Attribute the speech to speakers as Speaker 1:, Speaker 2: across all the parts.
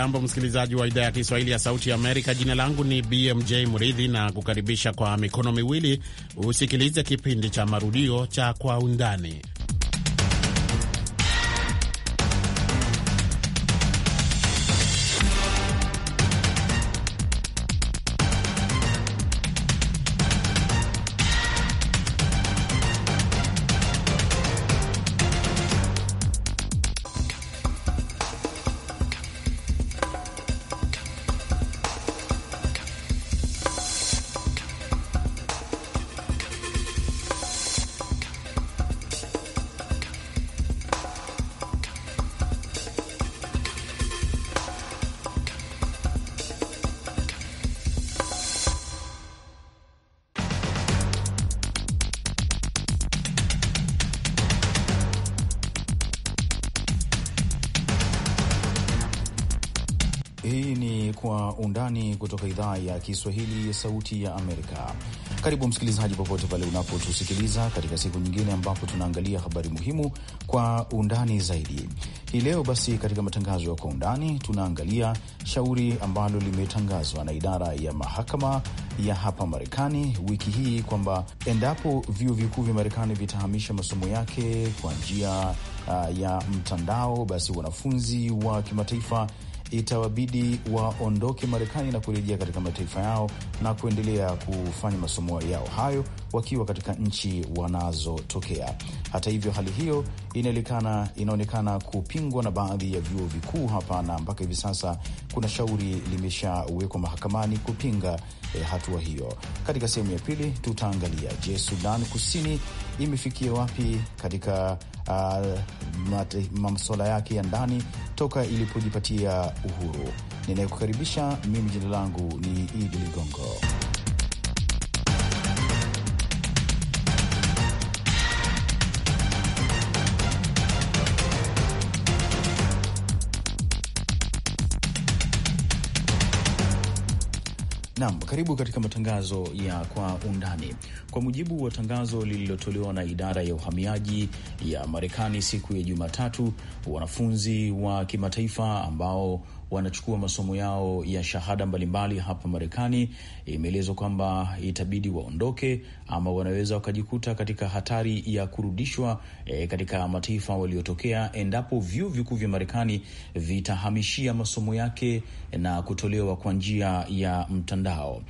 Speaker 1: Hujambo msikilizaji wa idhaa ya Kiswahili ya Sauti ya Amerika. Jina langu ni BMJ Mridhi na kukaribisha kwa mikono miwili usikilize kipindi cha marudio cha Kwa Undani. undani kutoka idhaa ya Kiswahili ya Sauti ya Amerika. Karibu msikilizaji, popote pale unapotusikiliza katika siku nyingine ambapo tunaangalia habari muhimu kwa undani zaidi. Hii leo basi, katika matangazo ya kwa undani, tunaangalia shauri ambalo limetangazwa na idara ya mahakama ya hapa Marekani wiki hii kwamba endapo vyuo vikuu vya Marekani vitahamisha masomo yake kwa njia uh, ya mtandao, basi wanafunzi wa kimataifa itawabidi waondoke Marekani na kurejea katika mataifa yao na kuendelea kufanya masomo yao hayo wakiwa katika nchi wanazotokea. Hata hivyo, hali hiyo inaonekana inaonekana kupingwa na baadhi ya vyuo vikuu hapa, na mpaka hivi sasa kuna shauri limeshawekwa mahakamani kupinga eh, hatua hiyo. Katika sehemu ya pili tutaangalia, je, Sudan Kusini imefikia wapi katika uh, masuala yake ya ndani toka ilipojipatia uhuru. Ninayekukaribisha mimi, jina langu ni Idi Ligongo. Naam, karibu katika matangazo ya kwa undani. Kwa mujibu wa tangazo lililotolewa na idara ya uhamiaji ya Marekani siku ya Jumatatu, wanafunzi wa kimataifa ambao wanachukua masomo yao ya shahada mbalimbali hapa Marekani, imeelezwa kwamba itabidi waondoke ama wanaweza wakajikuta katika hatari ya kurudishwa e, katika mataifa waliotokea endapo vyuo vikuu vya Marekani vitahamishia masomo yake na kutolewa kwa njia ya mtandao.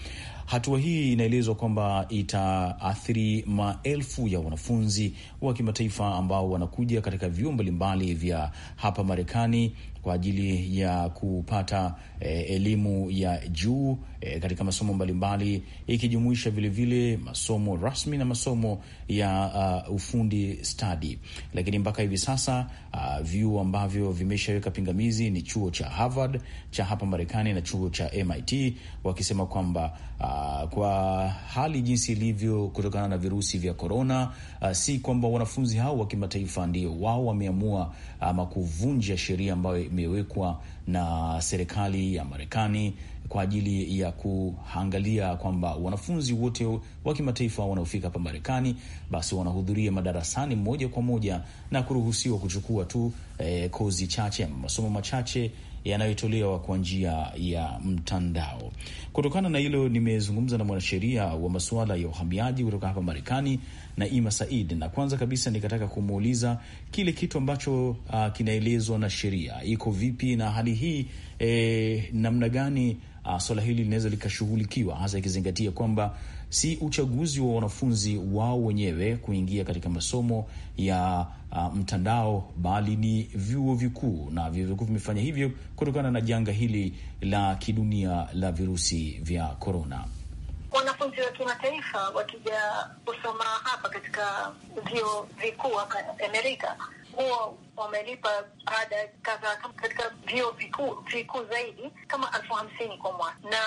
Speaker 1: Hatua hii inaelezwa kwamba itaathiri maelfu ya wanafunzi wa kimataifa ambao wanakuja katika vyuo mbalimbali vya hapa Marekani kwa ajili ya kupata e, elimu ya juu e, katika masomo mbalimbali ikijumuisha vilevile masomo rasmi na masomo ya uh, ufundi stadi. Lakini mpaka hivi sasa uh, vyuo ambavyo vimeshaweka pingamizi ni chuo cha Harvard cha hapa Marekani na chuo cha MIT wakisema kwamba uh, kwa hali jinsi ilivyo kutokana na virusi vya korona, uh, si kwamba wanafunzi hao wa kimataifa ndio wao wameamua ama kuvunja sheria ambayo imewekwa na serikali ya Marekani kwa ajili ya kuangalia kwamba wanafunzi wote wa kimataifa wanaofika hapa Marekani basi wanahudhuria madarasani moja kwa moja na kuruhusiwa kuchukua tu eh, kozi chache ama masomo machache yanayotolewa kwa njia ya mtandao. Kutokana na hilo, nimezungumza na mwanasheria wa masuala ya uhamiaji kutoka hapa Marekani, Naima Said, na kwanza kabisa nikataka kumuuliza kile kitu ambacho uh, kinaelezwa na sheria iko vipi na hali hii eh, namna gani uh, swala hili linaweza likashughulikiwa hasa ikizingatia kwamba si uchaguzi wa wanafunzi wao wenyewe kuingia katika masomo ya uh, mtandao bali ni vyuo vikuu, na vyuo vikuu vimefanya hivyo kutokana na janga hili la kidunia la virusi vya korona.
Speaker 2: Wanafunzi wa kimataifa wakija kusoma hapa katika vyuo vikuu hapa Amerika huwa wamelipa ada kadhaa katika vyuo vikuu vikuu zaidi kama elfu hamsini kwa mwaka, na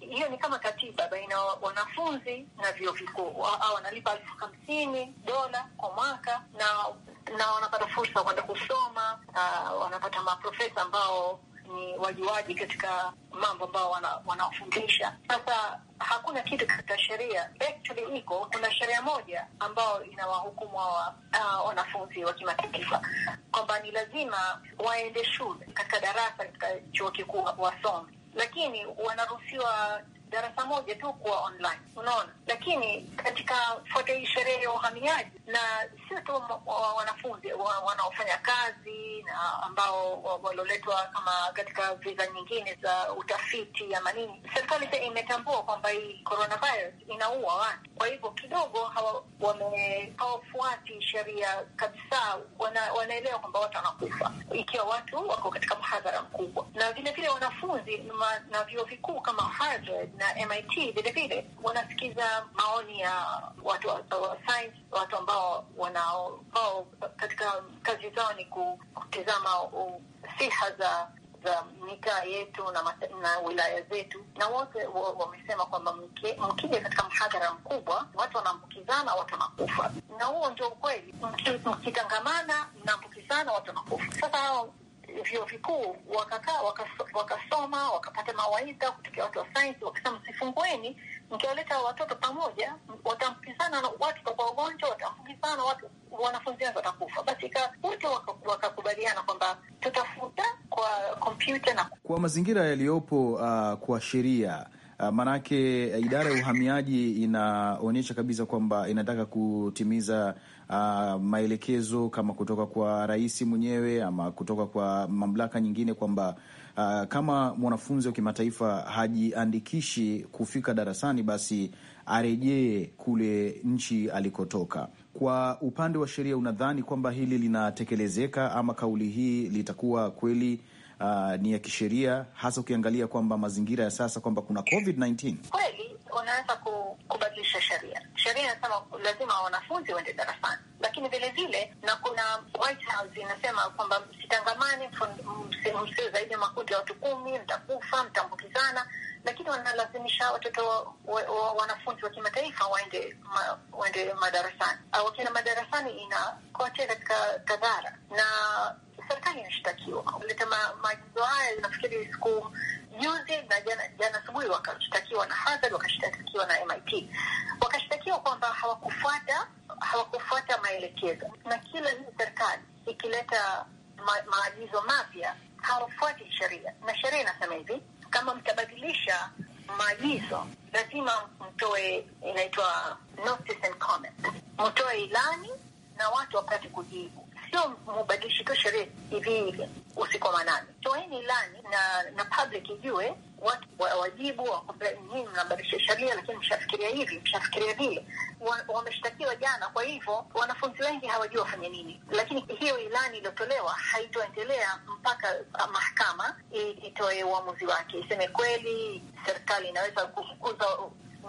Speaker 2: hiyo ni kama katiba baina wanafunzi na vyuo vikuu. Wanalipa elfu hamsini dola kwa mwaka na na wanapata fursa kwenda kusoma uh, wanapata maprofesa ambao ni wajuaji katika mambo ambao wanawafundisha. Sasa hakuna kitu katika sheria actually iko, kuna sheria moja ambayo inawahukumu hawa uh, wanafunzi wa kimataifa kwamba ni lazima waende shule katika darasa katika chuo kikuu wasome, lakini wanaruhusiwa darasa moja tu kuwa online, unaona. Lakini katika fuata hii sheria ya uhamiaji, na sio tu wanafunzi wanaofanya kazi China ambao walioletwa kama katika viza nyingine za utafiti ama nini. Serikali pia imetambua kwamba hii coronavirus inaua watu, kwa hivyo kidogo hawafuati sheria kabisa, wana, wanaelewa kwamba watu wanakufa ikiwa watu wako katika mhadhara mkubwa, na vilevile wanafunzi ma, na vyuo vikuu kama Harvard na MIT vilevile wanasikiza maoni ya watu wa science, watu ambao wanao katika kazi zao ni ku tukitizama siha za za mitaa yetu na, na wilaya zetu, na wote wamesema kwamba mkija katika mhadhara mkubwa watu wanaambukizana, watu wanakufa, na huo ndio ukweli. Mkitangamana mnaambukizana, watu wanakufa. Sasa hao vyuo vikuu wakakaa wakasoma wakapata mawaidha kutokea watu wa sayansi, wakasema msifungueni, mkiwaleta watoto pamoja wataambukizana watu kwa ugonjwa, watambukizana watu wanafunzi wengi watakufa. Basi wote wakakubaliana kwamba tutafuta kwa kompyuta
Speaker 1: na kwa mazingira yaliyopo, uh, kwa sheria Uh, maanake uh, idara ya uhamiaji inaonyesha kabisa kwamba inataka kutimiza uh, maelekezo kama kutoka kwa rais mwenyewe ama kutoka kwa mamlaka nyingine kwamba uh, kama mwanafunzi wa kimataifa hajiandikishi kufika darasani basi arejee kule nchi alikotoka kwa upande wa sheria, unadhani kwamba hili linatekelezeka ama kauli hii litakuwa kweli uh, ni ya kisheria, hasa ukiangalia kwamba mazingira ya sasa kwamba kuna COVID-19
Speaker 2: kweli wanaweza kubadilisha sheria. Sheria inasema lazima wanafunzi waende darasani, lakini vilevile na kuna White House inasema kwamba msitangamani, msio zaidi ya makundi ya watu kumi, mtakufa, mtaambukizana lakini wanalazimisha watoto wa, wa, wa, wanafunzi wa kimataifa waende ma, waende madarasani. Wakienda madarasani inakoatia katika kadhara na serikali inashtakiwa. Maagizo haya nafikiri siku juzi na jana jana asubuhi wakashtakiwa na Harvard, wakashtakiwa na MIT, wakashtakiwa kwamba hawakufuata hawakufuata maelekezo, na kila hii serikali ikileta maagizo mapya hawafuati sheria, na sheria inasema hivi, kama mtabadilisha maagizo lazima mtoe, inaitwa notice and comment, mtoe ilani na watu wapate kujibu sio mubadilishi tu sheria hivi usiku wa manane, toeni ilani na na public ijue watu wajibu wa nyinyi mnabadilisha sheria, lakini mshafikiria hivi, mshafikiria vile. Wameshtakiwa jana, kwa hivyo wanafunzi wengi hawajui wafanye nini, lakini hiyo ilani iliyotolewa haitoendelea mpaka uh, mahakama itoe uamuzi wake, iseme kweli serikali inaweza kufukuza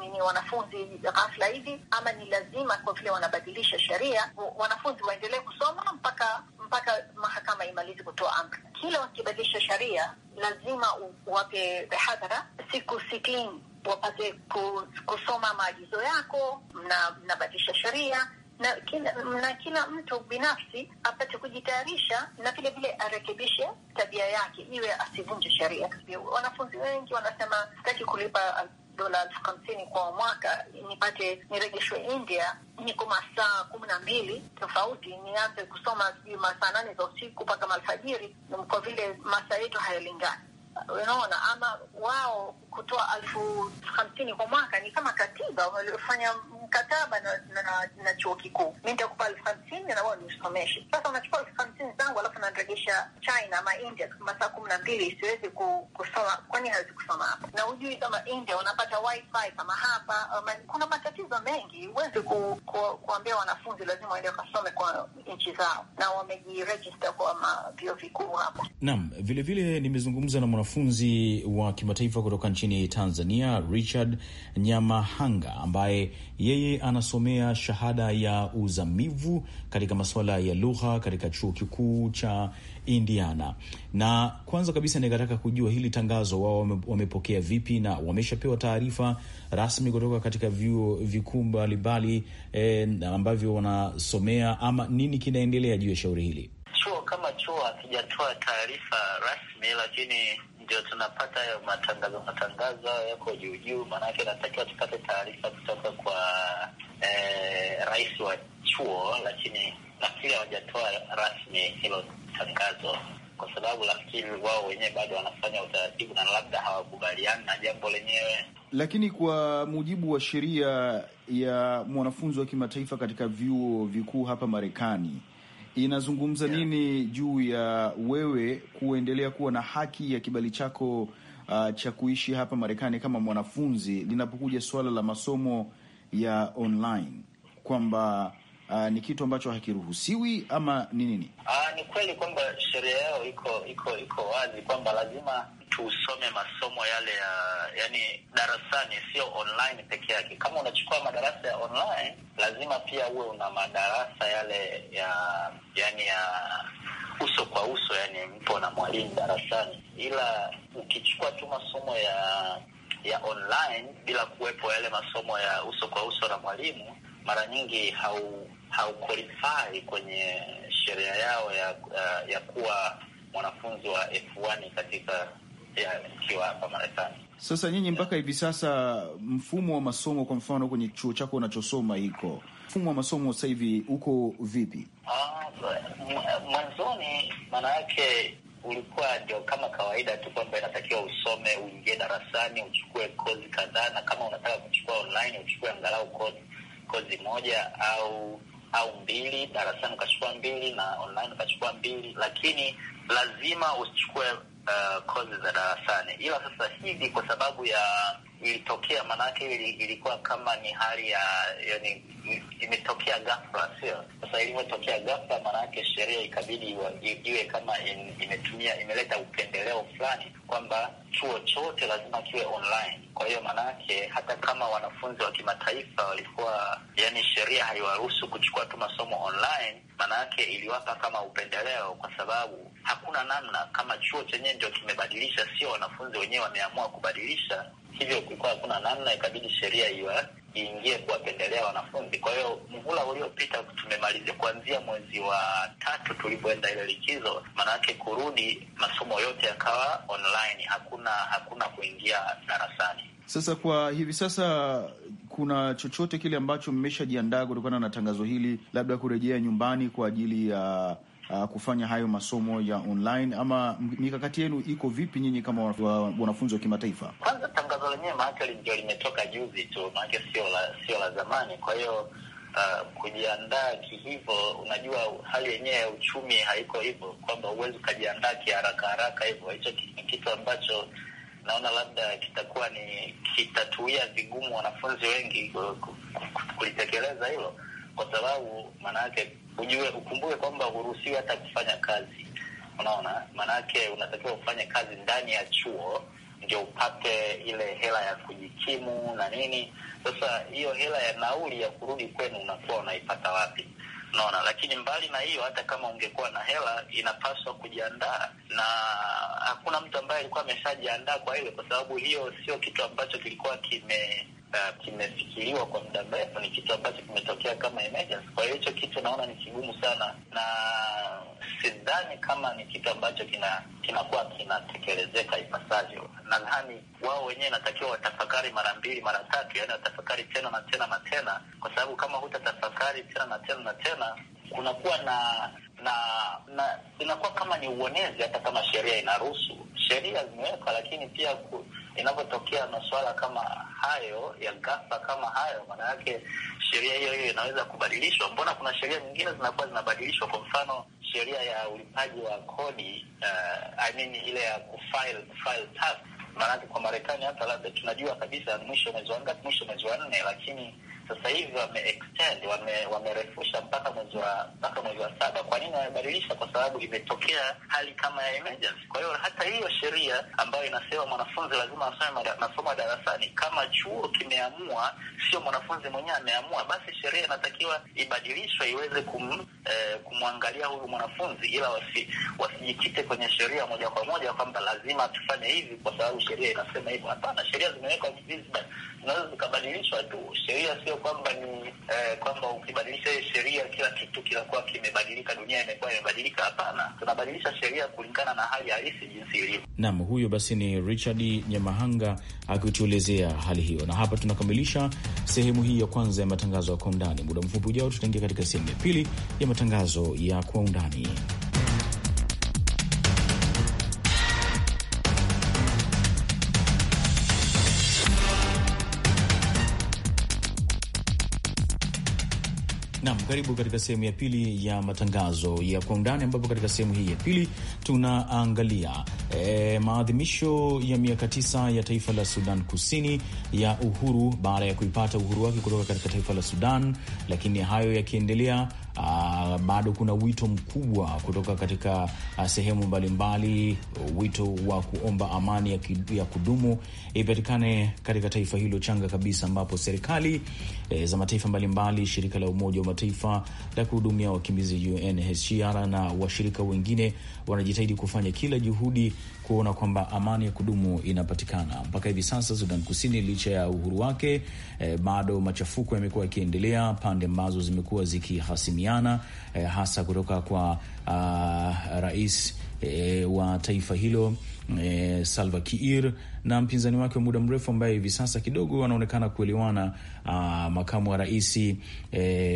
Speaker 2: ni wanafunzi ghafla hivi ama ni lazima, kwa vile wanabadilisha sheria, wanafunzi waendelee kusoma mpaka mpaka mahakama imalizi kutoa amri. Kila wakibadilisha sheria, lazima uwape hadhara siku sitini wapate kusoma maagizo yako, mnabadilisha sheria na kila, na kila mtu binafsi apate kujitayarisha na vile vile arekebishe tabia yake, iwe asivunje sheria. Wanafunzi wengi wanasema sitaki kulipa dola elfu hamsini kwa mwaka nipate nirejeshwe India, niko masaa kumi na mbili tofauti, nianze kusoma sijui masaa nane za usiku mpaka malfajiri, kwa vile masaa yetu hayalingani unaona, ama wao kutoa elfu hamsini kwa mwaka ni kama katiba waliofanya mkataba na, na, na chuo kikuu, mi nitakupa elfu hamsini na wao niusomeshe. Sasa unachukua elfu hamsini zangu alafu naregesha China ama India masaa kumi na mbili, siwezi kusoma. Kwani hawezi kusoma hapa? Na hujui kama India unapata wifi kama hapa. Um, kuna matatizo mengi, huwezi ku, ku, kuambia wanafunzi lazima waende wakasome kwa nchi zao, na wamejirejista kwa vyuo vikuu
Speaker 1: hapo. Naam, vilevile nimezungumza na mwanafunzi wa kimataifa kutoka nchini Tanzania, Richard Nyamahanga, ambaye yeye anasomea shahada ya uzamivu katika masuala ya lugha katika chuo kikuu cha Indiana. Na kwanza kabisa nikataka kujua hili tangazo wao wamepokea vipi, na wameshapewa taarifa rasmi kutoka katika vyuo vikuu mbalimbali eh, ambavyo wanasomea ama nini kinaendelea juu ya shauri hili?
Speaker 3: Chuo kama chuo hakijatoa taarifa
Speaker 4: rasmi, lakini ndio tunapata hayo matangazo matangazo hayo yako juu juu, maanake natakiwa tupate taarifa kutoka kwa eh, rais wa chuo, lakini
Speaker 2: nafikiri hawajatoa rasmi hilo tangazo kwa sababu nafikiri wao wenyewe
Speaker 4: bado wanafanya utaratibu na labda hawakubaliani na jambo
Speaker 1: lenyewe. Lakini kwa mujibu wa sheria ya mwanafunzi wa kimataifa katika vyuo vikuu hapa Marekani inazungumza yeah, nini juu ya wewe kuendelea kuwa na haki ya kibali chako uh, cha kuishi hapa Marekani kama mwanafunzi linapokuja suala la masomo ya online kwamba Uh, ni kitu ambacho hakiruhusiwi ama ni nini? Uh, ni kweli kwamba sheria yao iko iko iko wazi kwamba
Speaker 4: lazima tusome masomo yale ya yani darasani, sio online peke yake. Kama unachukua madarasa ya online, lazima pia uwe una madarasa yale ya yani ya uso kwa uso, yani mpo na mwalimu darasani, ila ukichukua tu masomo ya ya online bila kuwepo yale masomo ya uso kwa uso na mwalimu, mara nyingi hau hauqualify kwenye sheria yao ya, ya, ya kuwa mwanafunzi wa F1 katika ya yaani, nikiwa hapa Marekani.
Speaker 1: Sasa nyinyi mpaka hivi sasa mfumo wa masomo kwa mfano kwenye chuo chako unachosoma iko mfumo wa masomo sasa hivi uko vipi?
Speaker 4: Ah, mwanzoni maana yake ulikuwa ndio kama kawaida tu kwamba inatakiwa usome, uingie darasani, uchukue kozi kadhaa, na kama unataka kuchukua online uchukue angalau kozi kozi moja au au mbili, darasani ukachukua mbili na online ukachukua mbili, lakini lazima usichukue uh, kozi za darasani, ila sasa hivi kwa sababu ya ilitokea, maanake ilikuwa kama ni hali ya yani, imetokea ghafla, sio? Sasa ilivyotokea ghafla, maanake sheria ikabidi iwe kama in, imetumia imeleta upendeleo fulani kwamba chuo chote lazima kiwe online. Kwa hiyo maanake hata kama wanafunzi wa kimataifa walikuwa yani, sheria haiwaruhusu kuchukua tu masomo online, maanake iliwapa kama upendeleo, kwa sababu hakuna namna, kama chuo chenyewe ndio kimebadilisha, sio wanafunzi wenyewe wameamua kubadilisha. Hivyo kulikuwa hakuna namna, ikabidi sheria hiyo eh, iingie kuwapendelea wanafunzi. Kwa hiyo mhula uliopita tumemalizia kuanzia mwezi wa tatu tulipoenda
Speaker 1: ile likizo, maanake kurudi masomo yote yakawa online, hakuna hakuna kuingia darasani. Sasa kwa hivi sasa kuna chochote kile ambacho mmeshajiandaa kutokana na tangazo hili, labda kurejea nyumbani kwa ajili ya uh, kufanya hayo masomo ya online ama mikakati yenu iko vipi nyinyi kama wanafunzi wa kimataifa?
Speaker 4: Kwanza tangazo lenyewe maake ndio limetoka juzi tu, maake sio la, sio la zamani. Kwa hiyo uh, kujiandaa kihivyo, unajua hali yenyewe ya uchumi haiko hivyo kwamba huwezi ukajiandaa kiharaka haraka hivyo. Hicho ni kitu ambacho naona labda kitakuwa ni kitatuia vigumu wanafunzi wengi kulitekeleza hilo, kwa sababu maana ujue, ukumbuke kwamba huruhusiwi hata kufanya kazi, unaona, maanake unatakiwa kufanya kazi ndani ya chuo ndio upate ile hela ya kujikimu na nini. Sasa hiyo hela ya nauli ya kurudi kwenu unakuwa unaipata wapi? Unaona, lakini mbali na hiyo, hata kama ungekuwa na hela, inapaswa kujiandaa, na hakuna mtu ambaye alikuwa ameshajiandaa kwa ile, kwa sababu hiyo sio kitu ambacho kilikuwa kime uh, kimefikiriwa kwa muda mrefu, ni kitu ambacho kimetokea kama emergency. Kwa hiyo hicho kitu naona ni kigumu sana, na sidhani kama ni kitu ambacho kina kinakuwa kinatekelezeka ipasavyo. Nadhani wao wenyewe natakiwa watafakari mara mbili mara tatu, yaani watafakari tena na tena na tena, kwa sababu kama hutatafakari tena na tena na tena kunakuwa na na na inakuwa kama ni uonezi, hata kama sheria inaruhusu. Sheria zimewekwa, lakini pia ku, inapotokea masuala kama hayo ya ghafla kama hayo, maana yake sheria hiyo hiyo inaweza kubadilishwa. Mbona kuna sheria nyingine zinakuwa zinabadilishwa, kwa mfano sheria ya ulipaji wa kodi uh, I mean ile ya kufile, kufile tax. Maanake kwa Marekani hata labda tunajua kabisa mwisho mwezi wa ngapi, mwisho mwezi wa nne, lakini sasa hivi wameextend wame, wamerefusha mpaka mwezi wa mpaka mwezi wa saba. Kwa nini wamebadilisha? Kwa sababu imetokea hali kama ya emergency. Kwa hiyo hata hiyo sheria ambayo inasema mwanafunzi lazima asome masomo darasani, kama chuo kimeamua, sio mwanafunzi mwenyewe ameamua, basi sheria inatakiwa ibadilishwe iweze kum, eh, kumwangalia huyu mwanafunzi, ila wasi, wasijikite kwenye sheria moja kwa moja kwamba lazima tufanye hivi kwa sababu sheria inasema hivyo. Hapana, sheria zimewekwa zinaweza zikabadilishwa tu. Sheria sio kwamba ni eh, kwamba
Speaker 1: ukibadilisha hiyo sheria kila kitu kinakuwa kimebadilika, dunia imekuwa imebadilika. Hapana, tunabadilisha sheria kulingana na hali halisi jinsi ilivyo. Naam, huyo basi ni Richard Nyamahanga akituelezea hali hiyo, na hapa tunakamilisha sehemu hii ya kwanza ya matangazo ya kwa undani. Muda mfupi ujao, tutaingia katika sehemu ya pili ya matangazo ya kwa undani. Karibu katika sehemu ya pili ya matangazo ya kwa undani, ambapo katika sehemu hii ya pili tunaangalia e, maadhimisho ya miaka tisa ya taifa la Sudan Kusini ya uhuru baada ya kuipata uhuru wake kutoka katika taifa la Sudan, lakini hayo yakiendelea uh, bado kuna wito mkubwa kutoka katika uh, sehemu mbalimbali mbali, wito wa kuomba amani ya, ya kudumu ipatikane katika taifa hilo changa kabisa, ambapo serikali e, za mataifa mbalimbali, shirika la Umoja wa Mataifa la kuhudumia wakimbizi UNHCR na washirika wengine wanajitahidi kufanya kila juhudi kuona kwamba amani ya kudumu inapatikana. Mpaka hivi sasa Sudan Kusini, licha ya uhuru wake, eh, bado machafuko yamekuwa yakiendelea, pande ambazo zimekuwa zikihasimiana, eh, hasa kutoka kwa uh, rais e, wa taifa hilo e, Salva Kiir na mpinzani wake wa muda mrefu ambaye hivi sasa kidogo anaonekana kuelewana, makamu wa rais e,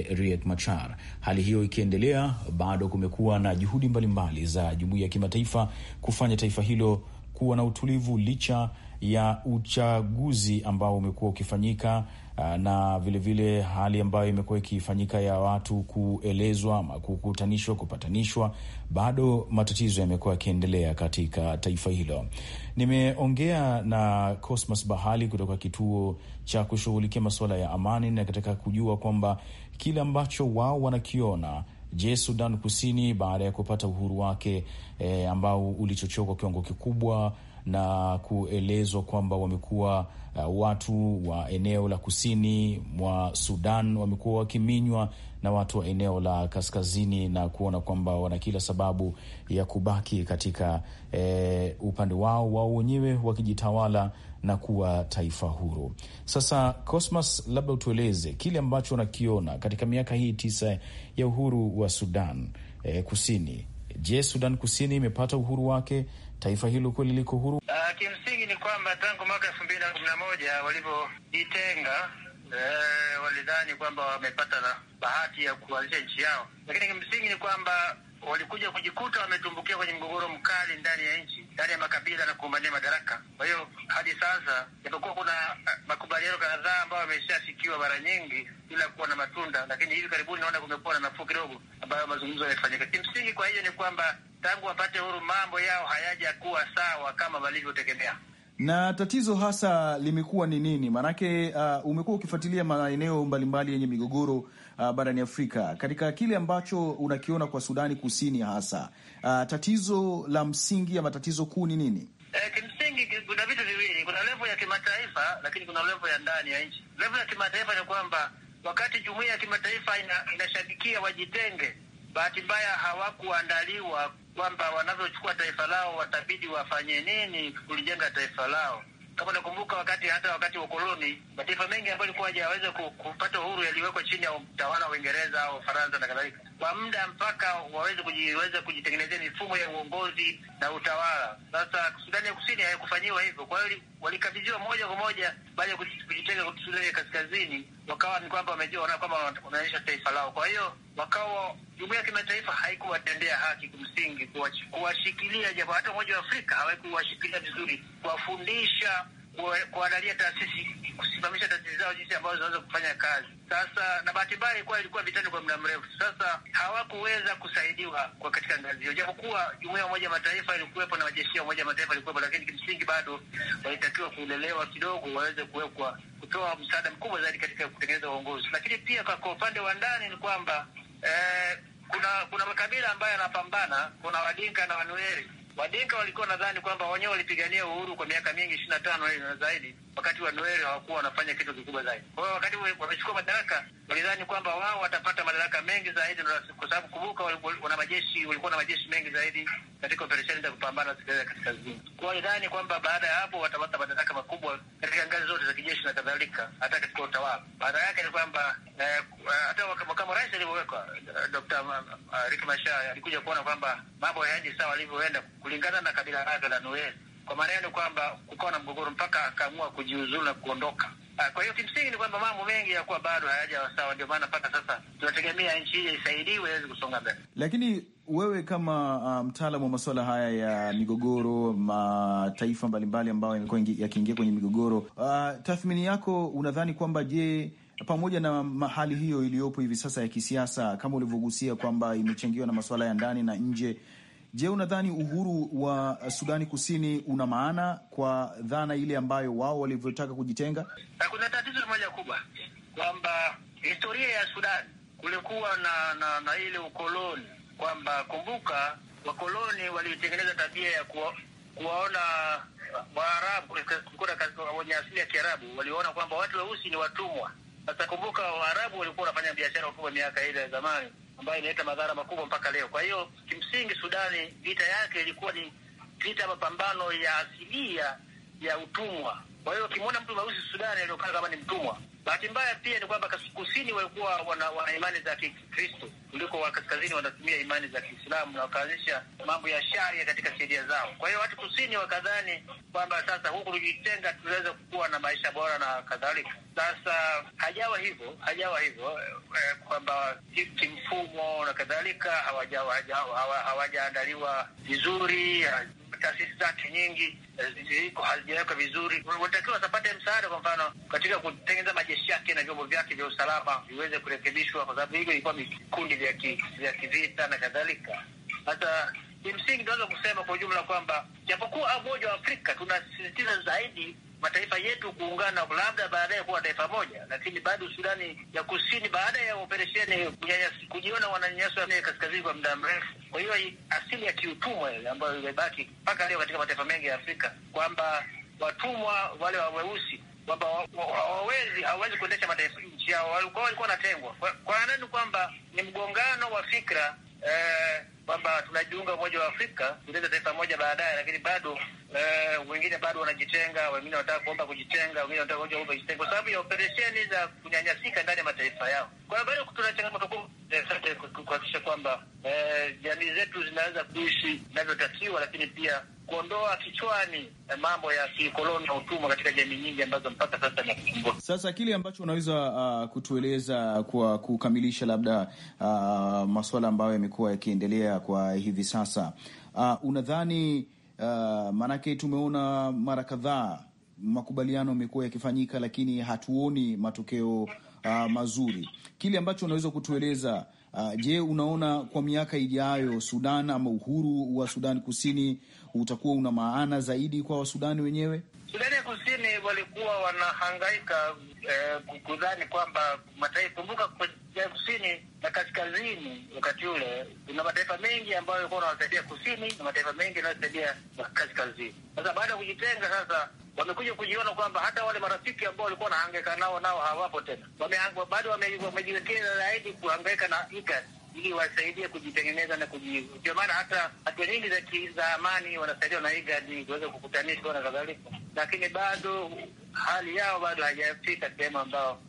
Speaker 1: Riek Machar. Hali hiyo ikiendelea, bado kumekuwa na juhudi mbalimbali mbali za jumuiya ya kimataifa kufanya taifa hilo kuwa na utulivu licha ya uchaguzi ambao umekuwa ukifanyika Ah, na vilevile vile hali ambayo imekuwa ikifanyika ya watu kuelezwa ama kukutanishwa, kupatanishwa, bado matatizo yamekuwa yakiendelea katika taifa hilo. Nimeongea na Cosmas Bahali kutoka kituo cha kushughulikia masuala ya amani, na katika kujua kwamba kile ambacho wao wanakiona Je, Sudan Kusini baada ya kupata uhuru wake e, ambao ulichochewa kwa kiwango kikubwa na kuelezwa kwamba wamekuwa uh, watu wa eneo la kusini mwa Sudan wamekuwa wakiminywa na watu wa eneo la kaskazini na kuona kwamba wana kila sababu ya kubaki katika eh, upande wao wao wenyewe wakijitawala na kuwa taifa huru. Sasa Cosmas, labda utueleze kile ambacho unakiona katika miaka hii tisa ya uhuru wa Sudan eh, Kusini. Je, Sudan Kusini imepata uhuru wake taifa hilo kweli liko
Speaker 3: huru? Uh, kimsingi ni kwamba tangu mwaka elfu mbili na kumi na moja walivyojitenga eh, walidhani kwamba wamepata na bahati ya kuanzisha nchi yao, lakini kimsingi ni kwamba walikuja kujikuta wametumbukia kwenye mgogoro mkali ndani ya nchi, ndani ya makabila na kuumbania madaraka. Kwa hiyo hadi sasa, japokuwa kuna eh, makubaliano kadhaa ambayo wameshafikiwa mara nyingi bila kuwa na matunda, lakini hivi karibuni naona kumekuwa na nafuu kidogo ambayo mazungumzo yamefanyika. Kimsingi, kwa hiyo ni kwamba tangu wapate huru mambo yao hayajakuwa sawa kama walivyotegemea.
Speaker 1: Na tatizo hasa limekuwa ni nini? Maanake uh, umekuwa ukifuatilia maeneo mbalimbali yenye migogoro uh, barani Afrika, katika kile ambacho unakiona kwa Sudani Kusini hasa uh, tatizo la msingi ama tatizo kuu ni nini?
Speaker 3: Eh, kimsingi kuna vitu viwili, kuna levo ya kimataifa lakini kuna levo ya ndani ya nchi. Levo ya kimataifa ni kwamba wakati jumuiya ya kimataifa inashabikia ina, wajitenge, bahati mbaya hawakuandaliwa kwamba wanavyochukua taifa lao watabidi wafanye nini kulijenga taifa lao. Kama nakumbuka wakati hata wakati wa ukoloni, mataifa mengi ambayo yalikuwa hajaweza kupata uhuru yaliwekwa chini ya utawala wa Uingereza au Ufaransa na kadhalika, kwa muda mpaka waweze kujiweza kujitengenezea mifumo ya uongozi na utawala. Sasa Sudani ya Kusini haikufanyiwa hivyo, kwa hiyo walikabidhiwa moja kwa moja baada ya kujitenga kutoka ya Kaskazini, wakawa ni kwamba wamejua wana kwamba wanaonyesha taifa lao. Kwa hiyo wakawa jumuia ya kimataifa haikuwatendea haki kimsingi, kuwashikilia, japo hata Umoja wa Afrika hawakuwashikilia vizuri, kuwafundisha kuandalia taasisi kusimamisha taasisi zao jinsi ambazo zinaweza kufanya kazi. Sasa na bahati mbaya ilikuwa ilikuwa vitani kwa muda mrefu, sasa hawakuweza kusaidiwa kwa katika ngazi hiyo, japokuwa jumuiya ya Umoja Mataifa ilikuwepo na majeshi ya Umoja Mataifa ilikuwepo, lakini kimsingi bado walitakiwa kulelewa kidogo, waweze kuwekwa kutoa msaada mkubwa zaidi katika kutengeneza uongozi. Lakini pia kwa upande wa ndani ni kwamba eh, kuna kuna makabila ambayo yanapambana, kuna Wadinka na Wanueri Wadinka walikuwa nadhani kwamba wenyewe walipigania uhuru kwa miaka mingi ishirini na tano na zaidi wakati wa Noeli hawakuwa wanafanya kitu kikubwa zaidi. Kwa hiyo wakati wamechukua madaraka, walidhani kwamba wao watapata madaraka mengi zaidi, kwa sababu kumbuka, wana majeshi, walikuwa na majeshi mengi zaidi katika operesheni za kupambana na kaskazini. Kwa walidhani kwamba baada ya hapo watapata madaraka makubwa katika ngazi zote za kijeshi na kadhalika, hata katika utawala. Baada yake ni kwamba eh, eh, hata makamu rais alivyowekwa, Dr. Eh, Riek Machar alikuja kuona kwamba mambo hayaendi sawa alivyoenda, kulingana na kabila lake la Noeli kwa maana ni kwamba kukawa na mgogoro mpaka akaamua kujiuzulu na kuondoka. Ah, kwa hiyo kimsingi ni kwamba mambo mengi yakuwa bado hayaja sawa, ndio maana mpaka sasa tunategemea nchi hii isaidiwe iweze kusonga mbele.
Speaker 1: Lakini wewe kama ah, mtaalamu um, wa masuala haya ya migogoro, mataifa mbalimbali ambayo yamekuwa yakiingia kwenye migogoro, uh, tathmini yako unadhani kwamba je, pamoja na mahali hiyo iliyopo hivi sasa ya kisiasa, kama ulivyogusia kwamba imechangiwa na masuala ya ndani na nje, Je, unadhani uhuru wa Sudani Kusini una maana kwa dhana ile ambayo wao walivyotaka kujitenga? Kuna tatizo moja kubwa
Speaker 3: kwamba historia ya Sudani kulikuwa na, na, na ile ukoloni kwamba kumbuka, wakoloni walitengeneza tabia ya kuwa, kuwaona Waarabu wenye asili ya Kiarabu waliona kwamba watu weusi ni watumwa. Sasa kumbuka, Waarabu walikuwa wanafanya biashara kubwa miaka ile ya zamani ambayo inaleta madhara makubwa mpaka leo. Kwa hiyo kimsingi, Sudani vita yake ilikuwa ni vita mapambano ya asilia ya utumwa. Kwa hiyo ukimwona mtu mweusi Sudani alionekana kama ni mtumwa, Bahati mbaya pia ni kwamba kusini walikuwa wana, wana imani za Kikristo kuliko wa kaskazini wanatumia imani za Kiislamu na wakaanzisha mambo ya sharia katika sheria zao. Kwa hiyo watu kusini wakadhani kwamba sasa huku tujitenga, tunaweza kuwa na maisha bora na kadhalika. Sasa hajawa hivyo, hajawa hivyo eh, kwamba kimfumo na kadhalika hawajaandaliwa hawaja, hawaja vizuri taasisi zake nyingi eh, ziko hazijawekwa vizuri, wanatakiwa wasapate msaada, kwa mfano katika kutengeneza majeshi yake na vyombo vyake vya usalama viweze kurekebishwa, kwa sababu hivyo ilikuwa vikundi vya kivita na kadhalika. Sasa kimsingi tunaweza kusema kwa ujumla kwamba japokuwa Umoja wa Afrika tunasisitiza zaidi mataifa yetu kuungana labda baadaye kuwa taifa moja, lakini bado Sudani ya Kusini baada ya operesheni kujiona wananyanyaswa kaskazini kwa muda mrefu. Kwa hiyo asili ya kiutumwa ile ambayo imebaki mpaka leo katika mataifa mengi ya Afrika kwamba watumwa wale wa weusi kwamba hawawezi wa, kuendesha mataifa nchi yao, walikuwa wanatengwa. Kwa nani Kwamba ni mgongano wa fikra eh, kwamba tunajiunga Umoja wa Afrika tuleze taifa moja baadaye, lakini bado eh, wengine bado wanajitenga, wengine wanataka kuomba kujitenga, wengine wanataka kuomba kujitenga kwa sababu ya operesheni za kunyanyasika ndani ya mataifa yao. Kwa hiyo bado tuna changamoto kubwa kuhakikisha kwamba eh, jamii zetu zinaweza kuishi inavyotakiwa, lakini pia kuondoa kichwani eh, mambo ya kikoloni na utumwa katika jamii nyingi ambazo mpaka sasa
Speaker 1: yanakumbwa. Sasa kile ambacho unaweza uh, kutueleza kwa kukamilisha labda uh, ah, masuala ambayo yamekuwa yakiendelea kwa hivi sasa uh, unadhani uh, maanake tumeona mara kadhaa makubaliano yamekuwa yakifanyika, lakini hatuoni matokeo uh, mazuri. Kile ambacho unaweza kutueleza Uh, je, unaona kwa miaka ijayo Sudan ama uhuru wa Sudan Kusini utakuwa una maana zaidi kwa Wasudani wenyewe?
Speaker 3: Sudani ya Kusini walikuwa wanahangaika eh, kudhani kwamba mataifa kumbuka ya kusini na kaskazini, wakati ule kuna mataifa mengi ambayo yalikuwa wanawasaidia kusini na mataifa mengi yanayosaidia kaskazini. Sasa baada ya kujitenga sasa wamekuja kujiona kwamba hata wale marafiki ambao walikuwa wanahangaika nao nao hawapo tena, bado wamejiwekea zaidi kuhangaika na IGAD ili wasaidie kujitengeneza na kujiu. Ndio maana hata hatua nyingi za amani wanasaidiwa na IGAD kuweza kukutanishwa na kadhalika, lakini bado hali yao bado haijafika sehemu ambao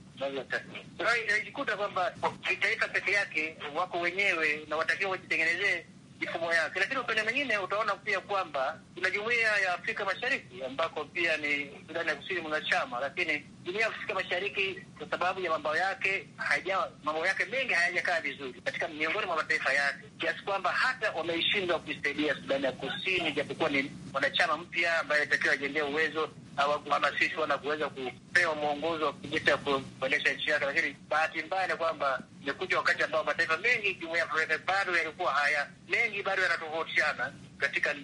Speaker 3: najikuta kwamba kitaifa peke yake wako wenyewe na watakiwa wajitengenezee mifumo yake. Lakini upande mwingine utaona pia kwamba kuna jumuiya ya Afrika Mashariki ambako pia ni Sudani ya Kusini mwanachama, lakini Jumuiya ya Afrika Mashariki kwa sababu ya mambo yake haja mambo yake mengi hayajakaa vizuri katika miongoni mwa mataifa yake, kiasi kwamba hata wameishindwa kuisaidia Sudani ya Kusini, japokuwa ni wanachama mpya ambaye takiwa ajengea uwezo hawakuhamasishwa na kuweza kupewa mwongozo wa jinsi ya kuendesha nchi yake, lakini bahati mbaya ni kwamba imekuja wakati ambao mataifa mengi jumuiya bado yalikuwa haya mengi bado yanatofautiana katika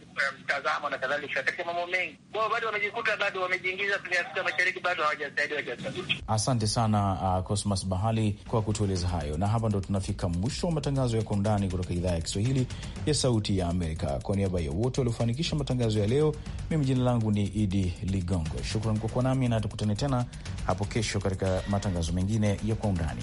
Speaker 3: mtazamo um, na kadhalika katika mambo mengi kwao, bado wamejikuta bado wamejiingiza kwenye Afrika Mashariki, bado hawajasaidiwa kiasi.
Speaker 1: Asante sana uh, Cosmas Bahali kwa kutueleza hayo, na hapa ndo tunafika mwisho wa matangazo ya Kwa Undani kutoka idhaa ya Kiswahili ya Sauti ya Amerika. Kwa niaba ya wote waliofanikisha matangazo ya leo, mimi jina langu ni Idi Ligongo. Shukran kwa kuwa nami na tukutane tena hapo kesho katika matangazo mengine ya Kwa Undani.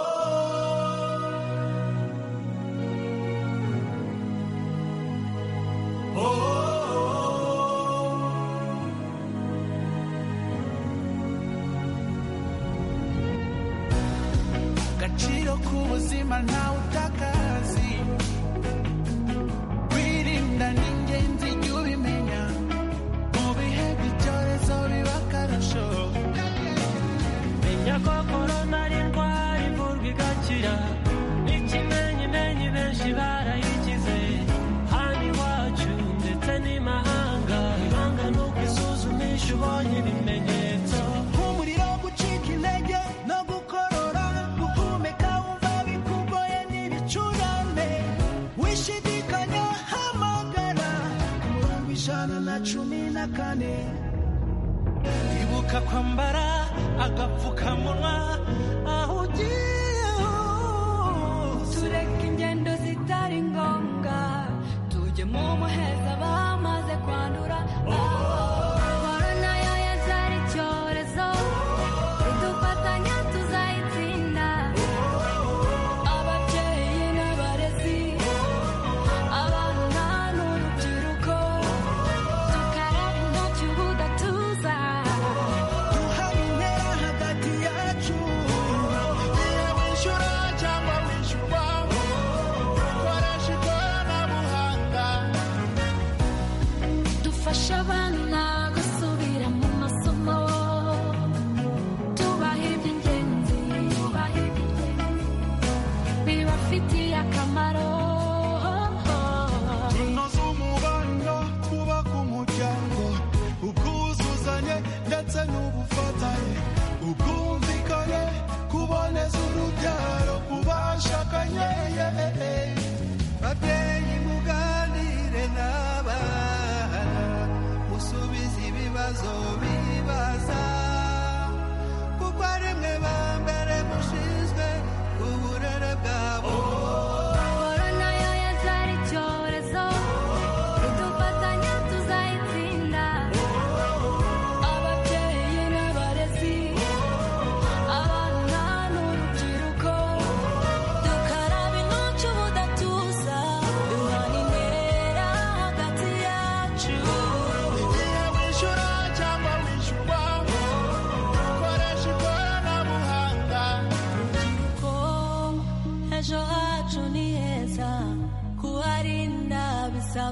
Speaker 3: ijana na cumi
Speaker 1: na kane ibuka kwambara agapfukamunwa aho ugiye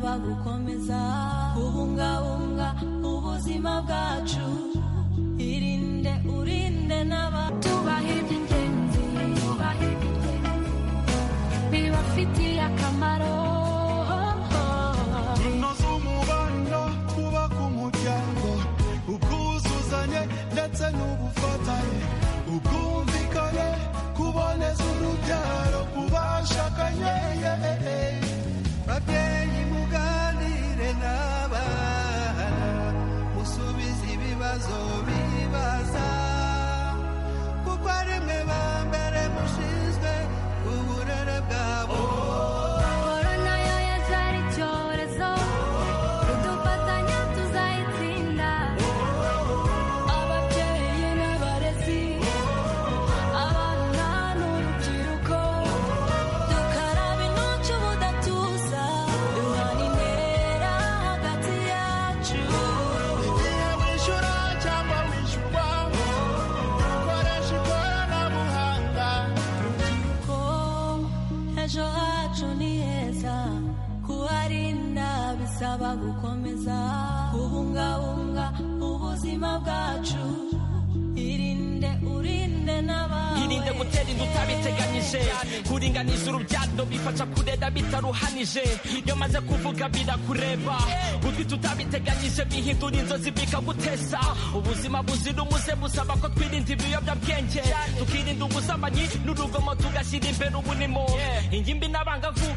Speaker 2: come kubungabunga ubuzima bwawe
Speaker 4: bidahanije iyo maze kuvuga birakureba gutwi tutabiteganyije bihindura inzozi bikagutesa ubuzima buzira umuze busaba ko twirinda ibiyobyabwenge tukirinda ubusambanyi n'urugomo tugashyira imbere ubunimo ingimbi n'abangavu